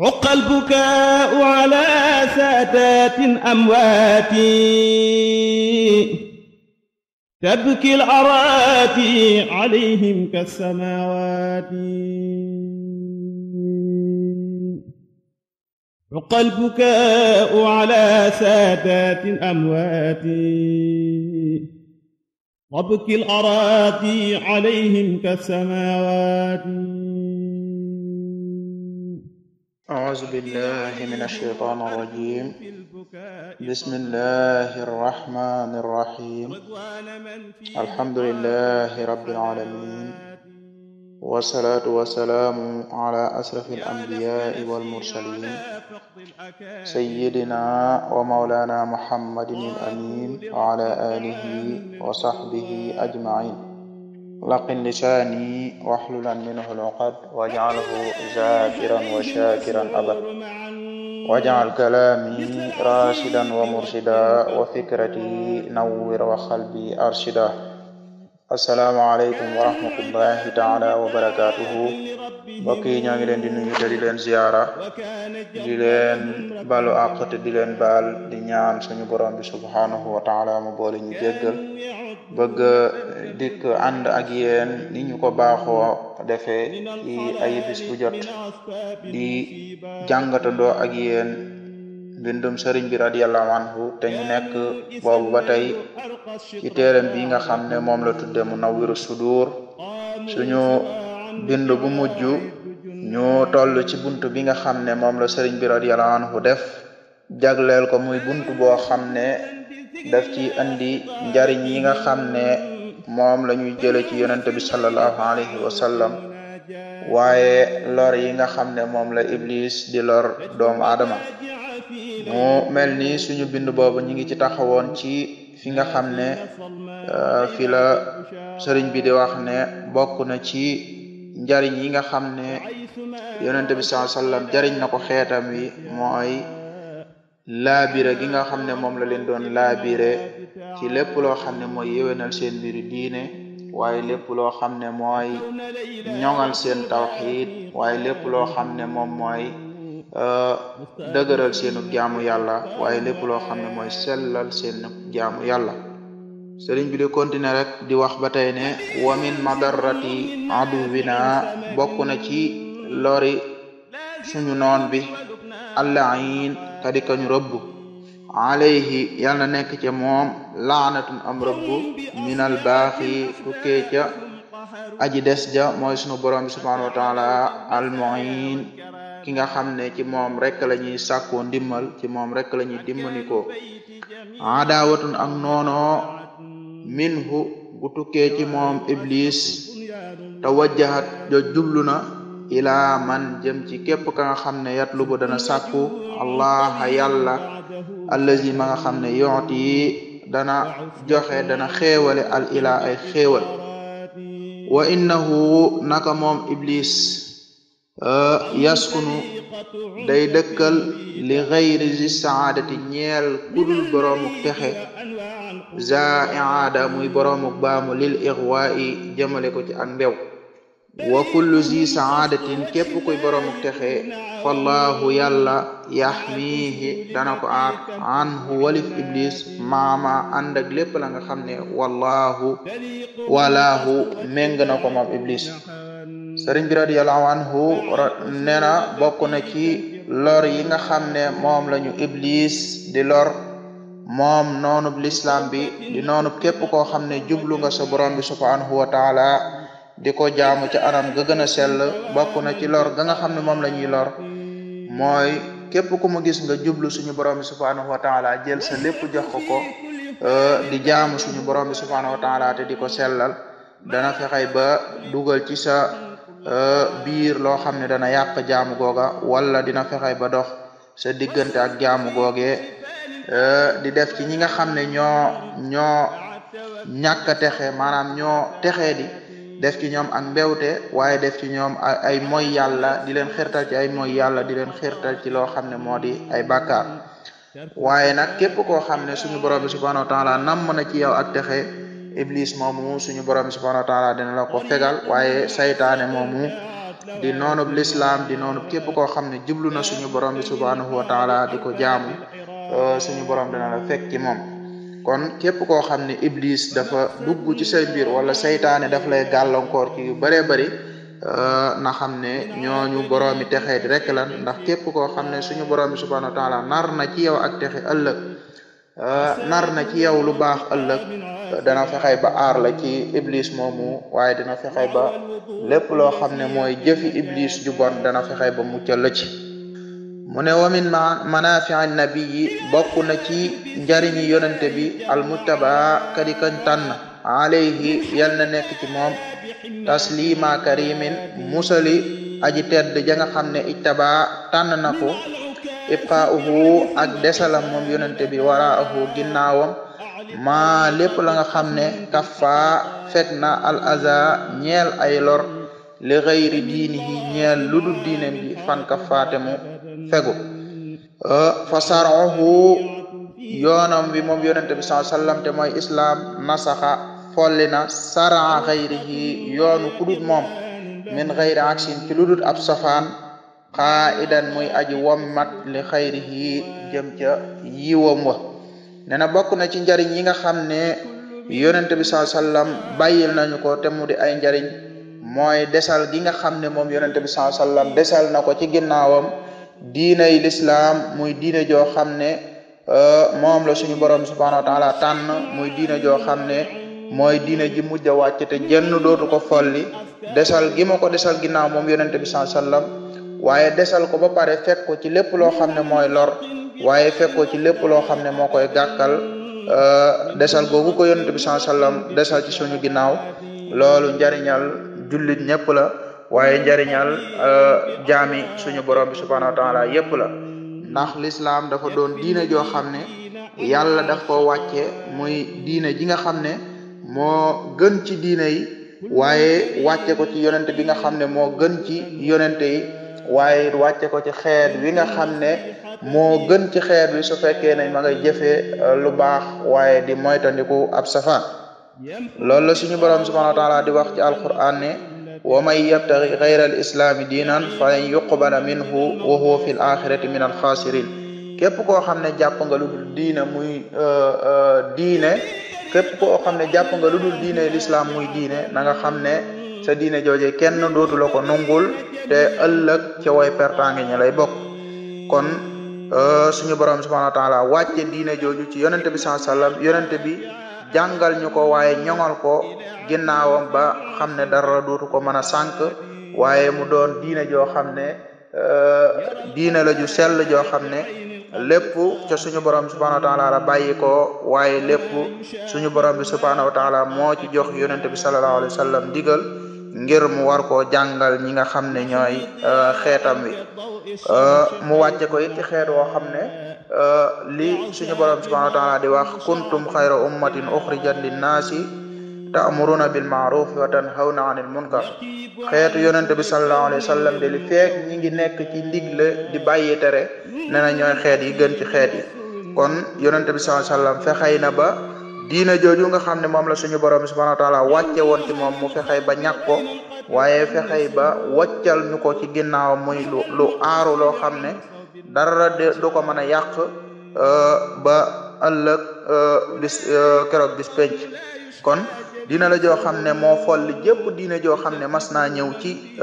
حق البكاء على سادات أمواتي تبكي الأراتي عليهم كالسماوات حق البكاء على سادات أمواتي تبكي الأراتي عليهم كالسماوات أعوذ بالله من الشيطان الرجيم بسم الله الرحمن الرحيم الحمد لله رب العالمين والصلاة والسلام على أشرف الأنبياء والمرسلين سيدنا ومولانا محمد الأمين وعلى آله وصحبه أجمعين laqin lisaani waxlulan minhu luqad wajcalhu zaakiran wa shaakiran abad wajcal kalaami raashidan wa murshida wa fikrati nawwir wa xalbi arshida asalaamaaleykum wa rahmatullahi taala wa barakaatuhu mbokk yi ñoo ngi leen di nuyu te leen ziyaara di leen balu àq te di leen baal di ñaan suñu borom bi subhaanahu wa taala mu ñu jéggal bëgg dikk ànd ak yéen ni ñu ko baaxoo defe ci ay bis jot di jàngatandoo ak yéen mbindum sëriñ bi radiallahu anhu te ñu nekk boobu ba tey ci téeram bi nga xam ne moom la tudde Munawwirus Sudur suñu bind bu mujj ñu toll ci bunt bi nga xam ne moom la sëriñ bi radiallahu anhu def jagleel ko muy bunt boo xam ne def ci indi njariñ yi nga xam ne moom la ñuy jële ci yonente bi sallallahu alayhi wa sallam lor yi nga xam ne moom la iblis di lor doomu aadama mu mel ni suñu bind boobu ñu ngi ci taxawoon ci fi nga xam ne euh, fi la sëriñ bi di wax ne bokk na ci njariñ yi nga xam ne yonent bi sallallahu alayhi jariñ na ko xeetam wi mooy laabire gi nga xam ne moom la leen doon laabire ci lépp loo xam ne mooy yéwénal seen mbiru diine waaye lépp loo xam ne mooy ñoŋal seen tawxiid waaye lépp loo xam ne moom mooy dëgëral seenu jaamu yàlla waaye lépp loo xam ne mooy sellal seenu jaamu yàlla sëriñ bi di continuer rek di wax ba tey ne wa min madarrati aduwina bokk na ci lori suñu noon bi allahin kadi kañu rëbb alayhi yàlla nekk ca moom laanatun am rëbb minal baaxi tukkee aji des ja mooy sunu borom bi subhanahu wa ki nga xam ne ci moom rek la ñuy sàkkoo ndimmal ci moom rek la ñuy dimmanikoo adaawatun ak noonoo minhu bu tukkee ci moom iblis tawajjahat jo jublu na ila man jëm ci képp ka nga xam ne yatlubu dana sàkku allah yàlla allazi ma xam ne yooti dana joxe dana xéewale al ilaa ay xéewal wa innahu naka moom iblis Euh, yaskunu day dëkkal li xayri zi ñeel kudul boroomuk texe za iaada muy boroomuk baamu lil ixwaayi jëmale ko ci ak mbew wa kullu zi saadatin képp kuy boroomuk texe fallahu yàlla yaxmiihi dana ko aar anhu walif iblis maama ànd ak nga xam ne wallahu walaahu méng na ko iblis sëriñ bi radiyallahu anhu nee na bokk na ci lor yi nga xam ne moom lañu iblis di lor moom noonub lislaam bi di noonub képp koo xam ne jublu nga sa borom bi subhanahu wa taala di ko jaamu ci anam ga gën a sell bokk na ci lor ga nga xam ne moom la ñuy lor mooy képp ku mu gis nga jublu suñu borom bi subhanahu jël sa lépp jox ko ko euh, di jaamu suñu borom bi subhanahu te di ko sellal dana fexey ba dugal ci sa Euh, biir loo xam ne dana yàq jaamu googa wala dina fexe ba dox sa diggante ak jaamu googee euh, di def ci ñi nga xam ne ñoo ñoo ñàkk texe maanaam ñoo texe di def ci ñoom ak mbewte waaye def ci ñoom ay moy yàlla di leen xirtal ci ay moy yàlla di leen xirtal ci loo xam ne moo di ay bàkkaar waaye nag képp koo xam ne suñu borom bi subhanahu wa taala namm na ci yow ak texe iblis moomu suñu borom bi subhanahu wa taala la ko fegal waaye saytaane moomu di noonub lislaam di noonub képp koo xam ne jublu na suñu borom bi subhanahu wa taala di ko jaamu euh, suñu borom dina la fekk ci moom kon képp koo xam ne iblis dafa dugg ci say biir wala saytaane daf lay gàllankoor ci yu bëree bëri euh, na xam ne ñooñu boroomi texee di rek lan ndax képp koo xam ne suñu borom bi subhanahu na ci yow ak texe ëllëg Euh, nar na ci yow lu baax ëllëg dana fexey ba aar la ci iblis moomu waaye dana fexey ba lépp loo xam ne mooy jëfi iblis ju dana fexey ba muccal la ci mu ne wa min manafii nabiyi bokk na ci njariñi yonante bi almuttaba kadi kañ tànn alayhi yal na nekk ci moom taslima karimin musali aji tedd ja xam ne ittaba tànn na ko ippauhu ak desalam moom yonente bi waraahu ginnaawam ma lépp la nga xam ne kafa fekk na al aza ñeel ay lor li xëyri diinihi ñeel ludul diinem fan kafaate mu fegu fa saruhu yoonam bi moom yonente bi saa sallam te mooy islaam nasaxa folli na aksin ci ludut ab xaidan muy aji wommat li xayrihi jëm ca yiwam wa nee na bokk na ci njariñ yi nga xam ne yonent bi saa sallam bàyyil nañu ko te mu di ay njariñ mooy desal gi nga xam ne moom yonent bi saa sallam desal na ko ci ginnaawam diinay lislaam muy diine joo xam ne euh, moom la suñu borom subhanahu wa taala tànn muy diina joo xam ne mooy diina ji mujj a wàcc te jenn dootu ko folli desal gi ma ko desal ginnaaw moom yonent bi saa waaye desal ko ba pare fekk ko ci lépp loo xam ne mooy lor waaye fekk ci lépp loo xam ne moo koy gàkkal euh, desal googu ko yonent bi saa sallam suñu ginnaaw loolu njariñal jullit ñëpp la waaye njariñal euh, jaami suñu borom bi subhanahu wa taala yëpp la ndax lislaam dafa doon diine joo xam ne yàlla daf ko wàcce mooy diine ji nga xam ne moo gën ci diine yi waaye wàcce ko ci yonent bi nga xam ne moo gën ci yonente yi waaye it wàcce ko ci xeet wi nga xam ne moo gën ci xeet wi su fekkee nañ ma ngay jëfe euh, lu baax waaye di moytandiku ab safaan loolu la suñu borom subhanahu wa taala di wax ci alquran ne wa man yabtaxi xayra al islaami diinan falan yuqbala minhu wa huwa fi l axirati min al xaasirin képp koo xam ne jàpp nga lu dul diine muy euh, euh, diine képp xam ne jàpp nga lu lislaam muy diine na xam ne sa diine jooje kenn dootuloo ko nungul te ëllëg ca way pertange ñu lay bokk kon euh, suñu borom subhanahu wa taala wàcce diine jooju ci yonente bi saa sallam yonente bi jàngal ñu ko waaye ñoŋal ko ginnaawam ba xam ne dara dootu ko mën a sànq waaye mu doon diine joo xam ne euh, diine la ju sell joo xam ne lépp ca suñu borom bi subhanahu wa taala la bàyyi waaye lépp borom bi subhanahu wa taala moo ci jox yonente bi sallallahu alayhi ndigal ngir mu war koo jàngal ñi nga xam ne ñooy euh, xeetam wi euh, mu wàcce ko it ci xeet woo xam ne euh, li suñu borom subhanahu wa di wax kuntum xayra ummatin uxrijat linnaasi ta'muruna bil ma'ruf wa tanhawna 'anil munkar xeetu yonent bi sallallahu alayhi wa sallam de li feek ñi ngi nekk ci ndigle di bàyyi tere nee na ñooy xeet yi gën ci xeet yi kon yonent bi sallallahu alayhi wa na ba diina jooju nga xam ne moom la suñu borom subhanahu wa taala wàcce woon ci moom mu fexey ba ñàkk ko waaye fexey ba wàccal ñu ko ci ginnaawam mooy lu lu aaru loo xam ne dara de du ko mën a yàq euh, ba ëllëg euh, bis euh, keroog bis penc kon diina la joo xam ne moo folli jëpp diina joo xam ne mas naa ñëw ci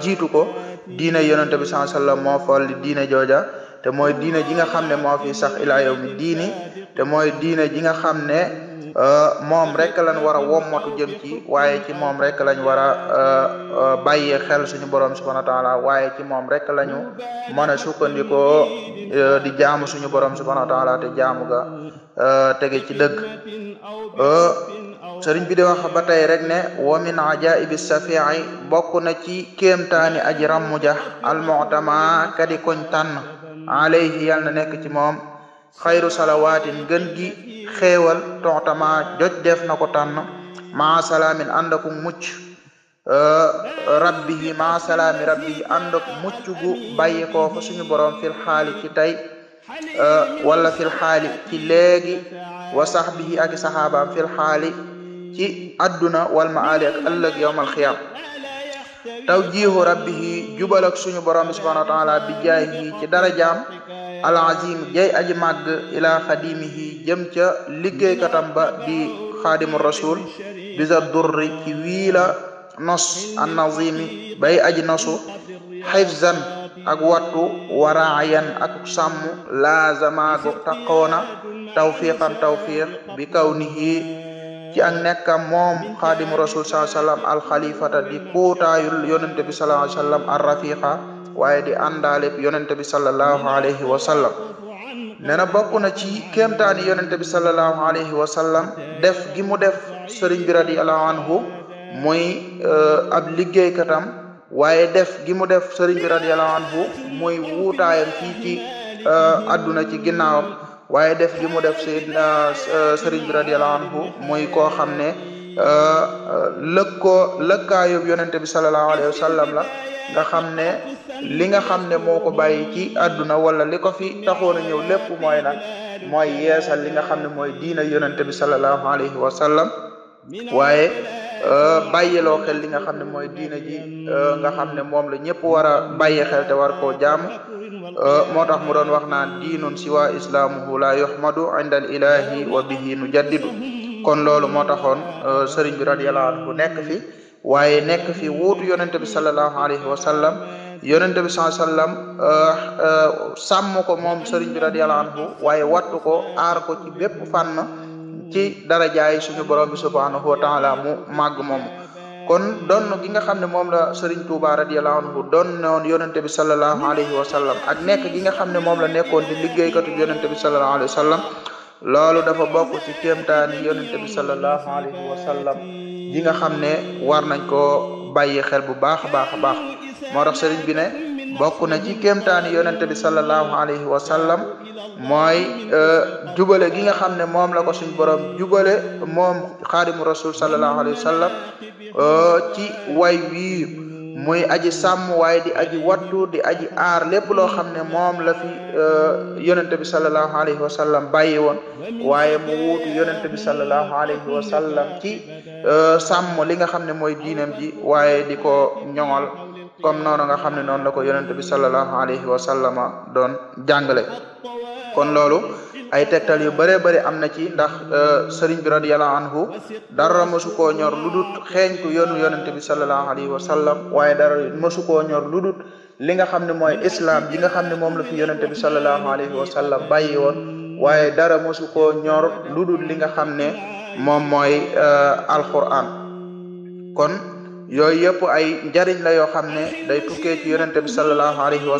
jiitu ko diina yonente bi sallallahu la wasallam moo folli diina jooja te mooy diina ji nga xam ne moo fi sax ilaa yawmi diini te mooy diine ji nga xam ne euh, moom rek lañ war a wommatu jëm ci waaye ci moom rek lañ war a euh, euh, bàyyi xel suñu borom subhanahu a taala waaye ci moom rek lañu mën a sukkandikoo di jaamu suñu borom subhanahu wa taala te jaamu ga tege ci dëgg sëriñ bi di wax ba tey rek ne wa min ajaibi safii bokk na ci kéemtaani aji rammuja almutama kadi koñ tànn alayhi yàlla na nekk ci moom xayru salawaatin gën gi xeewal toxtama joj def na ko tànn maa salaamin ànd ak mucc euh, rabbi yi salaami rabbi yi ànd mucc gu bàyyi koo fa suñu borom fil xaali ci tey euh, wala fil xaali ci léegi wa sahbihi ak saxaabaam fil xaali ci adduna wal maali ak ëllëg yowmal xiyaam taw jiixu rabbihi jubal ak borom bi subhanahu wa taala bi jaay alazim jay aji màgg ila xadimihi jëm ca liggéeykatam ba di xaadimu rasul bisa durri ci wii la nos nazimi bay aji nosu xifzan ak wattu waraayan ak sàmm laazamaagu taqoona tawfiqan tawfiq bi kawnihi ci ak nekkam moom xaadimu rasul sallallahu alayhi wasallam alxalifata di kuutaayul yonente bi sallallahu alayhi wasallam waaye di àndaaleb yonente bi sallallahu alayhi wasallam nee na bokk na ci kéemtaani yonente bi sallallahu alayhi wasallam def gi mu def sëriñ bi radiyallahu anhu muy euh, ab liggéeykatam waaye def gi mu def sëriñ bi radiyallahu anhu muy wuutaayam fii ci euh, adduna ci ginnaawam waaye def li mu def sayidna euh, sëriñ bi radiallahu anhu muy koo xam ne euh, lëkkoo lëkkaayub yonente bi salallahu alayhi wa sallam la nga xam ne li nga xam ne moo ko bàyyi ci àdduna wala li ko fi taxoon a ñëw lépp mooy lan mooy yeesal li nga xam ne mooy diina yonente bi salallahu alayhi wa sallam waaye euh, bàyyiloo xel li nga xam ne mooy diina ji nga xam ne moom la ñëpp war a bàyyi xel te war koo jaamu Eh, moo tax mu doon wax naan diinun siwa islaamuhu la yuhmadu inda al ilahi wa bihi nu jaddidu kon loolu moo taxoon eh, sëriñ bi radiyallahu anhu nekk fi waaye nekk fi wuutu yonente bi sallallahu alayhi wa sallam yonente bi sallallahu alayhi eh, ko moom sëriñ bi radiyallahu anhu waaye wattu ko aar ko ci bépp fànn ci darajaay suñu borom bi subhanahu wa taala mu màgg moomu kon donn gi nga xam ne moom la Serigne Touba radiyallahu anhu doon noon yonente bi sallallahu alayhi wa sallam ak nekk gi nga xam ne moom la nekkoon di liggéeykatu yonente bi sallallahu alayhi wa sallam loolu dafa bokk ci kéemtaani yonente bi sallallahu alayhi wa sallam gi nga xam ne war nañ koo bàyyi xel bu baax a baax baax moo tax Serigne ne bokk na ci kéemtaani yonente bi sallallahu alayhi wa sallam mooy euh, jubale gi nga xam ne moom la ko suñ borom jubale moom xaadimu rasul sallallahu alayhi wa sallam Euh, ci way wii muy aji sàmm waaye di aji wattu di aji aar lépp loo xam ne moom la fi euh, yonente bi sallallahu alayhi wa sallam bàyyi woon waaye mu wuutu yonente alayhi wa ci euh, sàmm li nga xam ne mooy diinam ji waaye di ko ñoŋal comme noonu nga xam ne noonu la ko yonente bi sallallahu alayhi wa sallama doon jàngale kon loolu ay tegtal yu bëree bëri am na ci ndax euh, sëriñ bi radiyallahu anhu dara mësu koo ñor lu dut xeeñ ku yoonu yonente bi sallallahu alayhi wa sallam waaye dara mësu koo ñor lu dut li nga xam ne mooy islam ji nga xam ne moom la fi yonente bi sallallahu alayhi wa sallam bàyyi woon waaye dara mësu koo ñor lu dut li nga xam ne moom mooy euh, alquran kon yooyu yëpp ay njariñ la yoo xam ne day tukkee ci yonente bi alayhi wa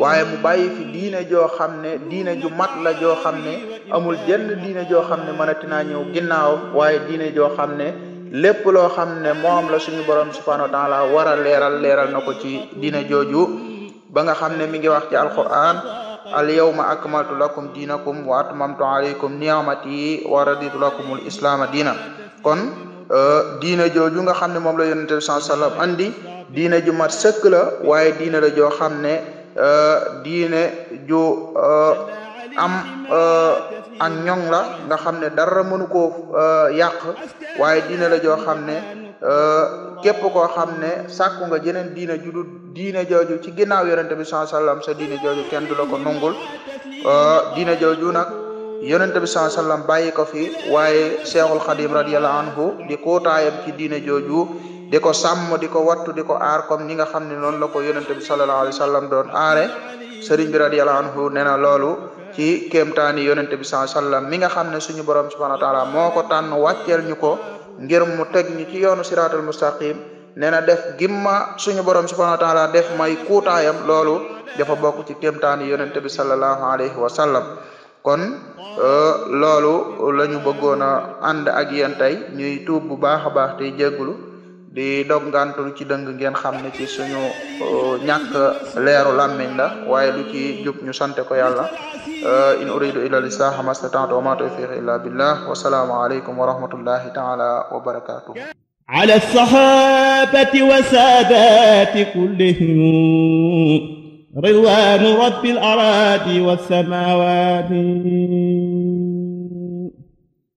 waaye mu bàyyi fi diine joo xam ne diine ju mat la joo xam ne amul jenn diine joo xam ne mënati naa ñëw ginnaaw waaye diine joo xam ne lépp loo xam ne moom la suñu borom subhanahu wa taala war a leeral leeral na ko ci diine jooju ba nga xam ne mi ngi wax ci alquran al yawma akmaltu lakum diinakum wa atmamtu alaykum ni'mati wa raditu lakumul islaama diina kon Euh, diina jooju nga xam ne moom la yonente bi sallallahu andi diina ju mat sëkk la waaye diina la joo xam ne euh, diine ju euh, am ak ñoŋ la nga xam ne dara mënu koo yàq waaye diina la joo xam ne képp koo xam ne sàkku nga jeneen diina ju dul diina jooju ci ginnaaw yonente bi sallallahu alayhi wasallam sa diina jooju kenn du la ko nungul diina jooju nag yonente bi saa sallam bàyyi ko fi waaye cheikhul xadim radiallahu anhu di kóotaayam ci diine jooju di ko sàmm di ko wattu di ko aar comme ni nga xam ne noonu la ko yonente bi sallallahu alayhi wa sallam doon aare sëriñ bi radiallahu anhu nee na loolu ci kéemtaani yonente bi saa sallam mi nga xam ne suñu borom subhanahu wa taala moo ko tànn wàcceel ñu ko ngir mu teg ñu ci yoonu siraatal mustaqim nee na def gimma suñu borom subhanahu wa taala def may kuutaayam loolu dafa bokk ci kéemtaani yonente bi sallallahu alayhi wa sallam kon euh, loolu la ñu bëggoon a ànd ak yéen tey ñuy tuub bu baax a baax tey jégglu di dog ngantul ci dëng ngeen xam na ci suñu euh, ñàkk leeru làmmiñ la waaye du ci jub ñu sante ko yàlla euh, in uridu illa lislaaha mastata'tu wa ma tawfiqi illa billah wa salaamu alaykum wa rahmatullahi ta'ala wa barakatuh ala sahabati wa saadati kullihim ridwaanu rabbil araadi wassamaawaati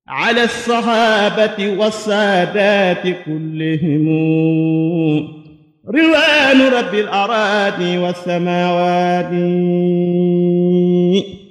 ala saxaabati wassaadaati kullihim ridwaanu rabbil araadi wassamaawaati